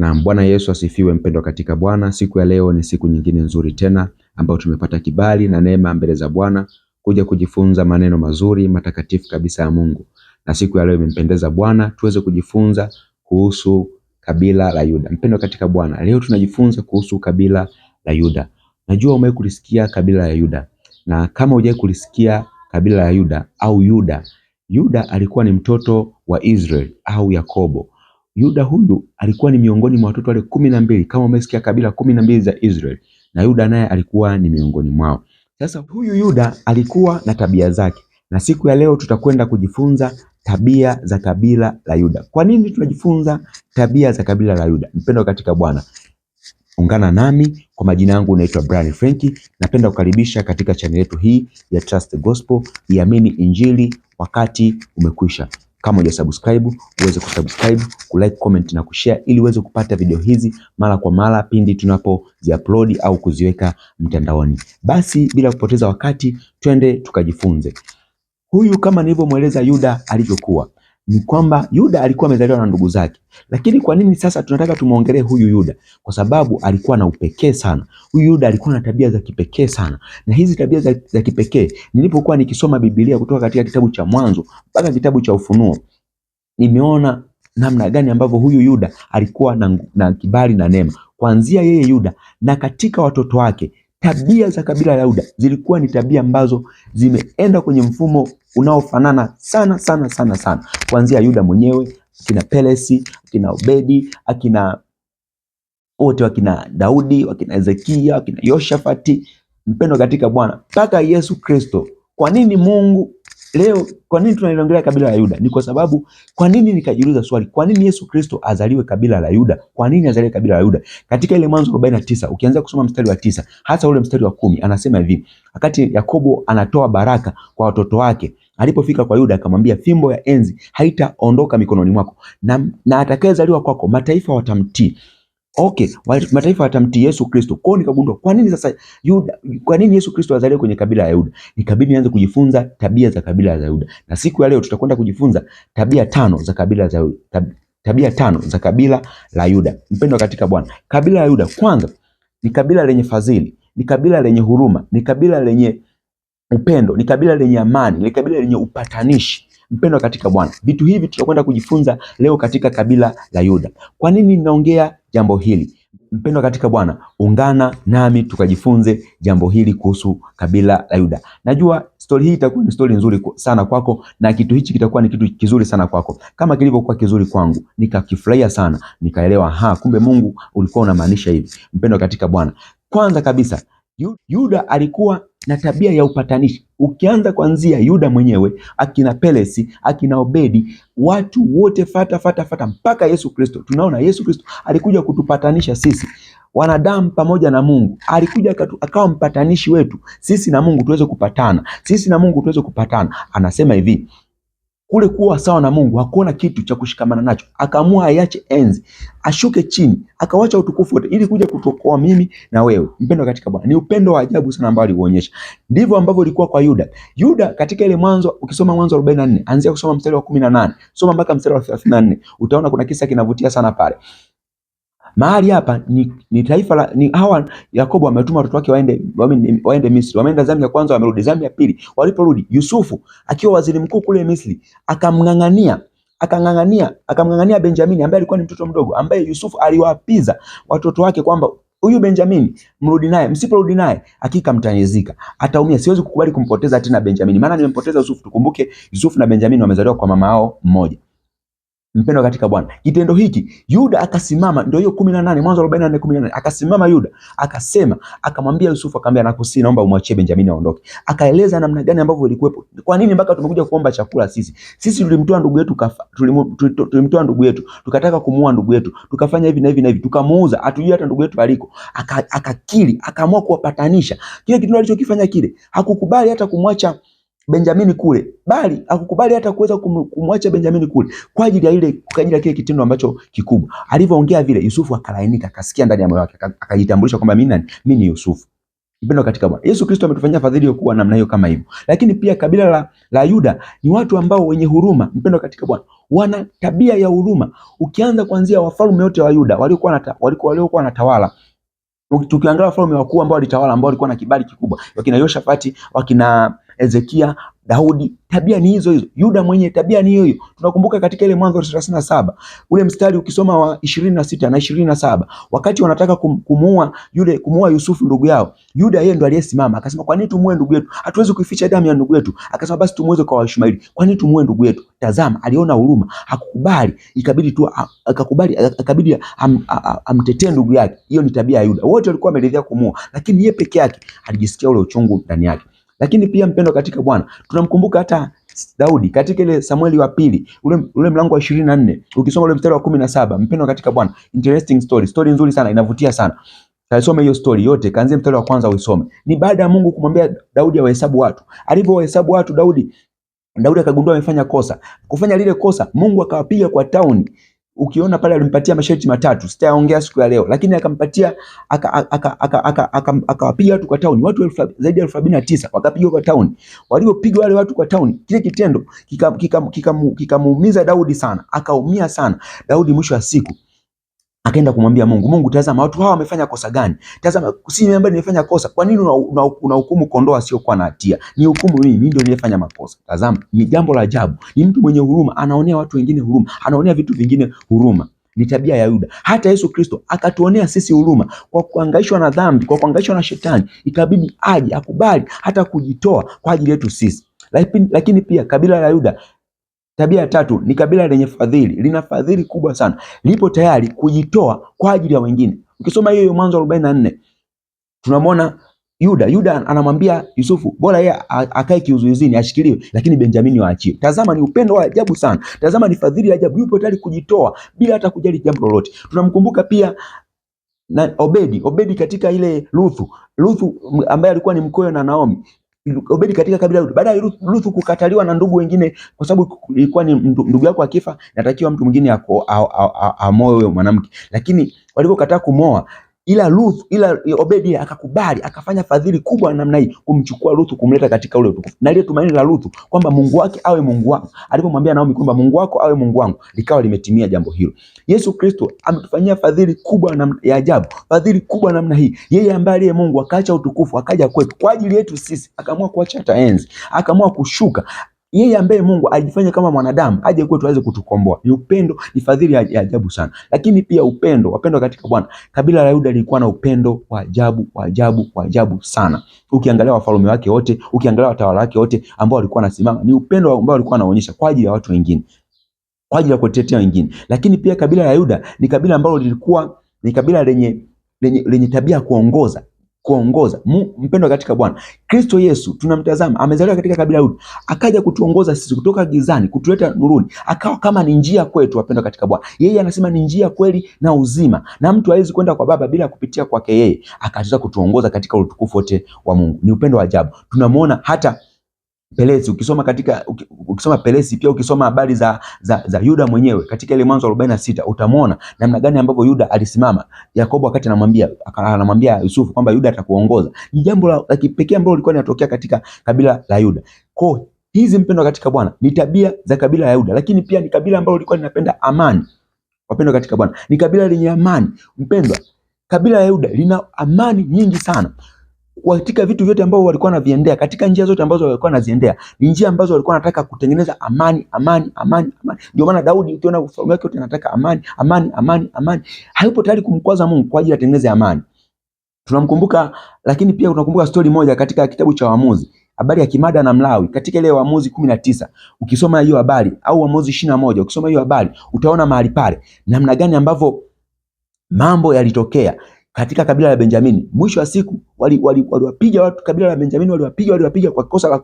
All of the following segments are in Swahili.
Na Bwana Yesu asifiwe. Mpendwa katika Bwana, siku ya leo ni siku nyingine nzuri tena ambayo tumepata kibali na neema mbele za Bwana kuja kujifunza maneno mazuri matakatifu kabisa ya Mungu. Na siku ya leo imempendeza Bwana tuweze kujifunza kuhusu kabila la Yuda. Mpendwa katika Bwana, leo tunajifunza kuhusu kabila la Yuda. Najua umewahi kulisikia kabila la Yuda, na kama hujawahi kulisikia kabila la Yuda au Yuda, Yuda alikuwa ni mtoto wa Israeli au Yakobo Yuda huyu alikuwa ni miongoni mwa watoto wale kumi na mbili kama umesikia kabila kumi na mbili za Israeli na Yuda naye alikuwa ni miongoni mwao. Sasa huyu Yuda alikuwa na tabia zake, na siku ya leo tutakwenda kujifunza tabia za kabila la Yuda. Kwa nini tunajifunza tabia za kabila la Yuda? Mpendwa katika Bwana, ungana nami. Kwa majina yangu naitwa Brian Frenki, napenda kukaribisha katika chaneli yetu hii ya Trust Gospel, iamini injili, wakati umekwisha. Kama hujasubscribe uweze kusubscribe, kulike, comment na kushare ili uweze kupata video hizi mara kwa mara pindi tunapoziupload au kuziweka mtandaoni. Basi bila kupoteza wakati, twende tukajifunze. Huyu kama nilivyomweleza Yuda alivyokuwa ni kwamba Yuda alikuwa amezaliwa na ndugu zake, lakini kwa nini sasa tunataka tumuongelee huyu Yuda? Kwa sababu alikuwa na upekee sana. Huyu Yuda alikuwa na tabia za kipekee sana, na hizi tabia za, za kipekee nilipokuwa nikisoma Biblia kutoka katika kitabu cha Mwanzo mpaka kitabu cha Ufunuo nimeona namna gani ambavyo huyu Yuda alikuwa na, na kibali na neema kuanzia yeye Yuda na katika watoto wake Tabia za kabila la Yuda zilikuwa ni tabia ambazo zimeenda kwenye mfumo unaofanana sana sana sana sana, kuanzia Yuda mwenyewe akina Pelesi akina Obedi akina wote wakina Daudi wakina Hezekia wakina Yoshafati mpendo katika Bwana mpaka Yesu Kristo. Kwa nini Mungu Leo kwa nini tunaliongelea kabila la Yuda? Ni kwa sababu kwa nini nikajiuliza swali, kwa nini Yesu Kristo azaliwe kabila la Yuda? Kwa nini azaliwe kabila la Yuda? Katika ile Mwanzo 49, ukianza kusoma mstari wa tisa hasa ule mstari wa kumi anasema hivi, wakati Yakobo anatoa baraka kwa watoto wake, alipofika kwa Yuda akamwambia, fimbo ya enzi haitaondoka mikononi mwako na, na atakayezaliwa kwako mataifa watamtii. Okay, mataifa watamtii Yesu Kristo. Kwao nikagundua kwa nini sasa Yuda, kwa nini Yesu Kristo azaliwe kwenye kabila la Yuda? Nikabidi nianze kujifunza tabia za kabila la Yuda, na siku ya leo tutakwenda kujifunza tabia tano za kabila za tabia tano za kabila la Yuda. Mpendwa katika Bwana, kabila la Yuda kwanza ni kabila lenye fadhili, ni kabila lenye huruma, ni kabila lenye upendo, ni kabila lenye amani, ni kabila lenye upatanishi. Mpendwa katika Bwana, vitu hivi tutakwenda kujifunza leo katika kabila la Yuda. Kwa nini ninaongea jambo hili? Mpendwa katika Bwana, ungana nami tukajifunze jambo hili kuhusu kabila la Yuda. Najua stori hii itakuwa ni stori nzuri sana kwako, na kitu hichi kitakuwa ni kitu kizuri sana kwako, kama kilivyokuwa kizuri kwangu. Nikakifurahia sana, nikaelewa, ha, kumbe Mungu ulikuwa unamaanisha hivi. Mpendwa katika Bwana, kwanza kabisa Yuda alikuwa na tabia ya upatanishi. Ukianza kuanzia Yuda mwenyewe, akina Pelesi, akina Obedi, watu wote fata fata fata mpaka Yesu Kristo. Tunaona Yesu Kristo alikuja kutupatanisha sisi wanadamu pamoja na Mungu. Alikuja akawa mpatanishi wetu sisi na Mungu tuweze kupatana, sisi na Mungu tuweze kupatana. Anasema hivi kule kuwa sawa na Mungu hakuona kitu cha kushikamana nacho, akaamua aiache enzi, ashuke chini, akawacha utukufu wote ili kuja kutuokoa mimi na wewe. Mpendo katika Bwana ni upendo wa ajabu sana ambao aliuonyesha. Ndivyo ambavyo ilikuwa kwa Yuda. Yuda katika ile Mwanzo, ukisoma Mwanzo 44 anzia kusoma mstari wa 18 soma mpaka mstari wa 34 utaona kuna kisa kinavutia sana pale. Mahali hapa ni, ni taifa la ni hawa Yakobo ametuma watoto wake waende waende, waende Misri. Wameenda zamu ya kwanza, wamerudi zamu ya pili. Waliporudi Yusufu akiwa waziri mkuu kule Misri akamng'ang'ania akang'ang'ania akamng'ang'ania Benjamini ambaye alikuwa ni mtoto mdogo ambaye Yusufu aliwapiza watoto wake kwamba huyu Benjamini mrudi naye, msiporudi naye hakika mtanyezika, ataumia. Siwezi kukubali kumpoteza tena Benjamini, maana nimempoteza Yusufu. Tukumbuke Yusufu na Benjamini wamezaliwa kwa mama yao mmoja. Mpendwa katika Bwana, kitendo hiki Yuda akasimama, ndio hiyo 18 Mwanzo 44 18, Akasimama Yuda akasema, akamwambia Yusufu, akamwambia nakusi, naomba umwachie Benjamini aondoke. Akaeleza namna gani ambavyo ilikuwepo. Kwa nini mpaka tumekuja kuomba chakula sisi? Sisi tulimtoa ndugu yetu, tulimtoa ndugu yetu, tukataka kumuua ndugu yetu, tukafanya hivi na hivi na hivi, tukamuuza, hatujui hata ndugu yetu aliko. Akakiri, akaamua kuwapatanisha. Kile kitendo alichokifanya kile, hakukubali hata kumwacha Benjamini kule, bali akukubali hata kuweza kumwacha Benjamini kule kwa ajili ya ile kwa ajili ya kile kitendo ambacho kikubwa alivyoongea vile. Yusufu akalainika, akasikia ndani ya moyo wake, akajitambulisha kwamba mimi nani? Mimi ni Yusufu. Mpendo katika Bwana Yesu Kristo ametufanyia fadhili ya kuwa namna hiyo kama hivyo, lakini pia kabila la, la Yuda ni watu ambao wenye huruma. Mpendo katika Bwana wana tabia ya huruma, ukianza kuanzia wafalme wote wa Yuda walikuwa walikuwa waliokuwa wanatawala tukiangalia wafalme wakuu ambao walitawala ambao walikuwa na kibali kikubwa, wakina Yoshafati, wakina Hezekia, Daudi, tabia ni hizo hizo. Yuda mwenye tabia ni hiyo hiyo. Tunakumbuka katika ile Mwanzo 37 ule mstari ukisoma wa 26 na 27, wakati wanataka kumuua yule kumuua Yusufu ndugu yao, Yuda yeye ndo aliyesimama akasema, kwa nini tumuue ndugu yetu? Hatuwezi kuificha damu ya ndugu yetu. Akasema, basi tumuweze kwa Waishmaeli. Kwa nini tumuue ndugu yetu? Tazama, aliona huruma, hakukubali, ikabidi tu akakubali, akabidi amtetee ndugu yake. Hiyo ni tabia ya Yuda. Wote walikuwa wameridhia kumuua, lakini yeye peke yake alijisikia ule uchungu ndani yake. Lakini pia mpendo katika Bwana, tunamkumbuka hata Daudi katika ile Samueli wa pili ule, ule mlango wa ishirini na nne ukisoma ule mstari wa kumi na saba mpendo katika Bwana, interesting story, story nzuri sana, inavutia sana. Kaisome hiyo story yote, kaanzia mstari wa kwanza uisome. Ni baada ya Mungu kumwambia Daudi awahesabu watu. Alivyowahesabu watu Daudi Daudi akagundua amefanya kosa. Kufanya lile kosa, Mungu akawapiga kwa tauni ukiona pale alimpatia masharti matatu, sitayaongea siku ya leo, lakini akampatia akawapiga watu kwa town, watu zaidi ya elfu sabini na tisa wakapigwa kwa town. Waliopiga wale watu kwa town, kile kitendo kikamuumiza Daudi sana, akaumia sana Daudi. Mwisho wa siku akaenda kumwambia Mungu, Mungu tazama, watu hawa wamefanya kosa gani? Tazama, si mimi ambaye nimefanya kosa. Kwa nini unahukumu kondoo asiokuwa na hatia? Ni hukumu mimi, mimi ndio nimefanya makosa. Tazama, ni jambo la ajabu. Ni mtu mwenye huruma, anaonea watu wengine huruma, anaonea vitu vingine huruma. Ni tabia ya Yuda. Hata Yesu Kristo akatuonea sisi huruma kwa kuangaishwa na dhambi, kwa kuangaishwa na shetani, ikabidi aje akubali hata kujitoa kwa ajili yetu sisi. Lakini, lakini pia kabila la Yuda Tabia ya tatu ni kabila lenye fadhili, lina fadhili kubwa sana, lipo tayari kujitoa kwa ajili ya wengine. Ukisoma hiyo Mwanzo 44 tunamwona Yuda, Yuda anamwambia Yusufu bora yeye akae kiuzuizini ashikiliwe, lakini Benjamini waachie. Tazama ni upendo wa ajabu sana. Tazama ni fadhili ya ajabu, yupo tayari kujitoa bila hata kujali jambo lolote. Tunamkumbuka pia na Obedi, Obedi katika ile Ruthu, Ruthu ambaye alikuwa ni mkoyo na Naomi. Obedi katika kabila Daudi. Baada ya Ruthu kukataliwa na ndugu wengine, kwa sababu ilikuwa ni ndugu yako akifa, natakiwa mtu mwingine amoe huyo mwanamke, lakini walipokataa kumoa ila Ruth, ila Obedi akakubali akafanya fadhili kubwa namna hii kumchukua Ruth kumleta katika ule utukufu, na ile tumaini la Ruth kwamba Mungu wake awe Mungu wangu, alipomwambia Naomi kwamba Mungu wako awe Mungu wangu, likawa limetimia jambo hilo. Yesu Kristo ametufanyia fadhili kubwa na ya ajabu, fadhili kubwa namna hii, yeye ambaye aliye Mungu akaacha utukufu akaja kwetu kwa ajili yetu sisi, akaamua kuacha hata enzi, akaamua kushuka yeye ambaye Mungu alijifanya kama mwanadamu aje kwetu aweze kutukomboa. Ni upendo, ni fadhili ya ajabu sana. Lakini pia upendo, wapendo katika Bwana, kabila la Yuda lilikuwa na upendo wa ajabu, wa ajabu, wa ajabu sana. Ukiangalia wafalme wake wote, ukiangalia watawala wake wote ambao walikuwa nasimama, ni upendo ambao walikuwa wanaonyesha kwa ajili ya watu wengine, kwa ajili ya kutetea wengine. Lakini pia kabila la Yuda ni kabila ambalo lilikuwa ni kabila lenye lenye, lenye tabia ya kuongoza kuongoza mpendwa katika Bwana. Kristo Yesu tunamtazama amezaliwa katika kabila hili, akaja kutuongoza sisi kutoka gizani kutuleta nuruni, akawa kama ni njia kwetu, wapendwa katika Bwana. Yeye anasema ni njia, kweli na uzima, na mtu hawezi kwenda kwa Baba bila kupitia kwake yeye, akataka kutuongoza katika utukufu wote wa Mungu. Ni upendo wa ajabu, tunamwona hata Pelezi ukisoma katika ukisoma Pelezi pia ukisoma habari za, za, za Yuda mwenyewe katika ile Mwanzo 46 utamwona namna gani ambavyo Yuda alisimama. Yakobo wakati anamwambia anamwambia Yusufu kwamba Yuda atakuongoza, ni jambo la, la kipekee ambalo lilikuwa linatokea katika kabila la Yuda. Kwa hizi mpendo katika Bwana ni tabia za kabila la Yuda, lakini pia ni kabila ambalo lilikuwa linapenda amani. Wapendwa katika Bwana ni kabila lenye amani. Mpendwa, kabila la Yuda lina amani nyingi sana katika vitu vyote ambavyo walikuwa wanaviendea, katika njia zote ambazo walikuwa wanaziendea, ni njia ambazo walikuwa wanataka kutengeneza amani, amani, amani, amani. Ndio maana Daudi ukiona ufalme wake wote amani, amani, amani, amani. Hayupo tayari kumkwaza Mungu kwa ajili ya kutengeneza amani. Tunamkumbuka, lakini pia tunakumbuka stori moja katika kitabu cha Waamuzi, habari ya Kimada na Mlawi. Katika ile Waamuzi kumi na tisa ukisoma hiyo habari au Waamuzi ishirini na moja ukisoma hiyo habari, utaona mahali pale namna gani ambavyo mambo yalitokea katika kabila la Benjamini. Mwisho wa siku waliwapiga watu kabila la Benjamini, waliwapiga waliwapiga kwa kosa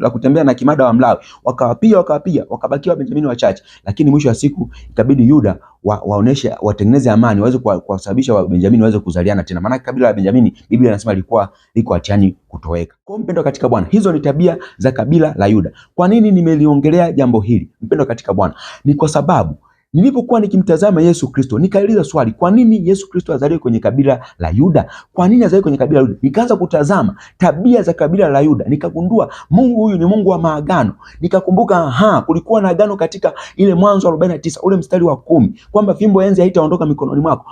la kutembea na kimada wa Mlawi, wakawapiga wakawapiga, wakabakia wa Benjamini wachache. Lakini mwisho wa siku ikabidi Yuda wa, waoneshe watengeneze amani waweze kuwasababisha wa Benjamini waweze kuzaliana tena, maana kabila la Benjamini Biblia inasema lilikuwa liko hatiani kutoweka. Kwa mpendo katika Bwana, hizo ni tabia za kabila la Yuda. Kwa nini nimeliongelea jambo hili mpendo katika Bwana? Ni kwa sababu Nilipokuwa nikimtazama Yesu Kristo, nikauliza swali, kwa nini Yesu Kristo azaliwe kwenye kabila la Yuda? Kwa nini azaliwe kwenye kabila la Yuda? Nikaanza kutazama tabia za kabila la Yuda, nikagundua Mungu huyu ni Mungu wa maagano. Nikakumbuka aha, kulikuwa na agano katika ile Mwanzo 49 ule mstari wa kumi kwamba fimbo enzi haitaondoka mikononi mwako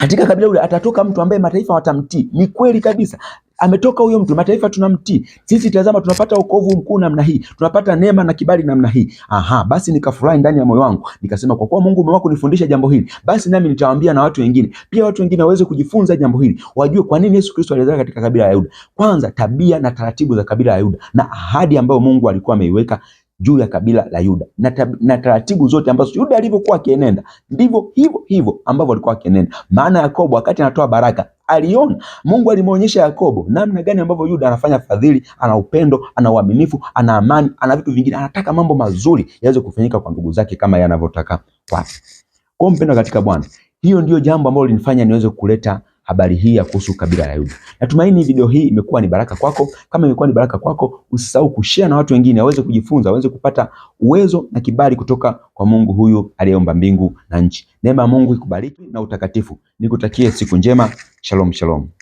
katika kabila ule atatoka mtu ambaye mataifa watamtii. Ni kweli kabisa, ametoka huyo mtu, mataifa tunamtii sisi. Tazama, tunapata wokovu mkuu namna hii, tunapata neema na kibali namna hii. Aha, basi nikafurahi ndani ya moyo wangu, nikasema kwa kuwa Mungu umeweza kunifundisha jambo hili, basi nami nitawaambia na watu wengine pia, watu wengine waweze kujifunza jambo hili, wajue kwa nini Yesu Kristo alizaliwa katika kabila la Yuda. Kwanza tabia na taratibu za kabila la Yuda na ahadi ambayo Mungu alikuwa ameiweka juu ya kabila la Yuda na, tab, na taratibu zote ambazo Yuda alivyokuwa akienenda ndivyo hivyo hivyo ambavyo alikuwa akienenda. Maana Yakobo wakati anatoa baraka aliona Mungu alimwonyesha Yakobo namna gani ambavyo Yuda anafanya fadhili, ana upendo, ana uaminifu, ana amani, ana vitu vingine, anataka mambo mazuri yaweze kufanyika kwa ndugu zake kama yanavyotaka kwake. Kwa mpendo katika Bwana, hiyo ndiyo jambo ambalo linifanya niweze kuleta habari hii ya kuhusu kabila la Yuda. Natumaini video hii imekuwa ni baraka kwako. Kama imekuwa ni baraka kwako, usisahau kushare na watu wengine waweze kujifunza, waweze kupata uwezo na kibali kutoka kwa Mungu huyu aliyeumba mbingu na nchi. Neema ya Mungu ikubariki na utakatifu. Nikutakie siku njema. שלום שלום.